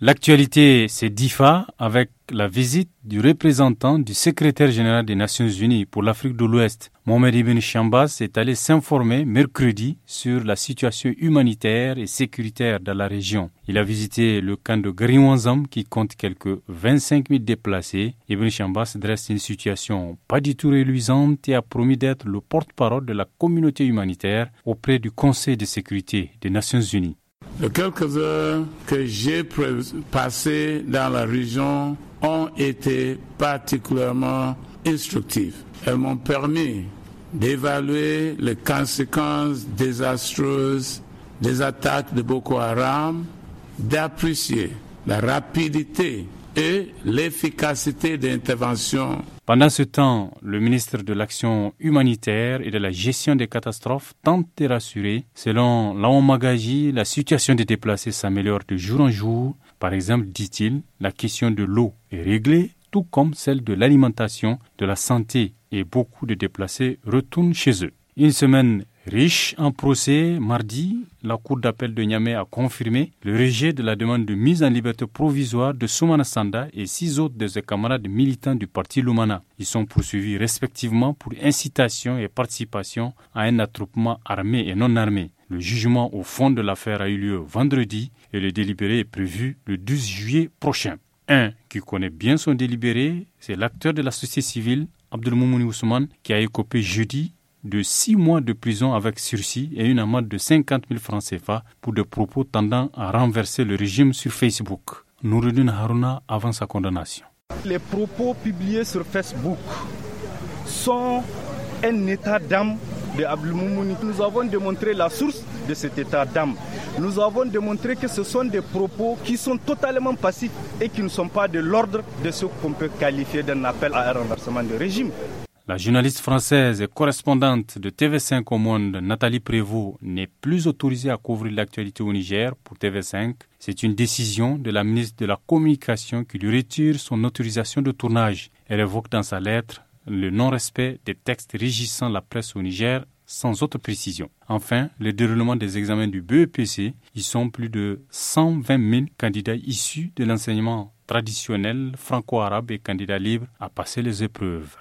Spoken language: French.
L'actualité, c'est DIFA avec la visite du représentant du secrétaire général des Nations Unies pour l'Afrique de l'Ouest. Mohamed Ibn Chambas est allé s'informer mercredi sur la situation humanitaire et sécuritaire dans la région. Il a visité le camp de Griwanzam qui compte quelques 25 000 déplacés. Ibn Chambas dresse une situation pas du tout reluisante et a promis d'être le porte-parole de la communauté humanitaire auprès du Conseil de sécurité des Nations Unies. Les quelques heures que j'ai passées dans la région ont été particulièrement instructives. Elles m'ont permis d'évaluer les conséquences désastreuses des attaques de Boko Haram, d'apprécier la rapidité et l'efficacité d'intervention. Pendant ce temps, le ministre de l'Action humanitaire et de la gestion des catastrophes tente de rassurer. Selon Magaji, la situation des déplacés s'améliore de jour en jour. Par exemple, dit-il, la question de l'eau est réglée, tout comme celle de l'alimentation, de la santé, et beaucoup de déplacés retournent chez eux. Une semaine riche en procès, mardi, la Cour d'appel de Niamey a confirmé le rejet de la demande de mise en liberté provisoire de Soumana Sanda et six autres de ses camarades militants du parti Lumana. Ils sont poursuivis respectivement pour incitation et participation à un attroupement armé et non armé. Le jugement au fond de l'affaire a eu lieu vendredi et le délibéré est prévu le 12 juillet prochain. Un qui connaît bien son délibéré, c'est l'acteur de la société civile, Abdelmoumouni Ousmane, qui a écopé jeudi de six mois de prison avec sursis et une amende de 50 000 francs CFA pour des propos tendant à renverser le régime sur Facebook. Nourudin Haruna avant sa condamnation. Les propos publiés sur Facebook sont un état d'âme de Abdelmoumouni. Nous avons démontré la source de cet état d'âme. Nous avons démontré que ce sont des propos qui sont totalement passifs et qui ne sont pas de l'ordre de ce qu'on peut qualifier d'un appel à un renversement de régime. La journaliste française et correspondante de TV5 au monde, Nathalie Prévost, n'est plus autorisée à couvrir l'actualité au Niger pour TV5. C'est une décision de la ministre de la Communication qui lui retire son autorisation de tournage. Elle évoque dans sa lettre le non-respect des textes régissant la presse au Niger sans autre précision. Enfin, le déroulement des examens du BEPC, ils sont plus de 120 000 candidats issus de l'enseignement traditionnel franco-arabe et candidats libres à passer les épreuves.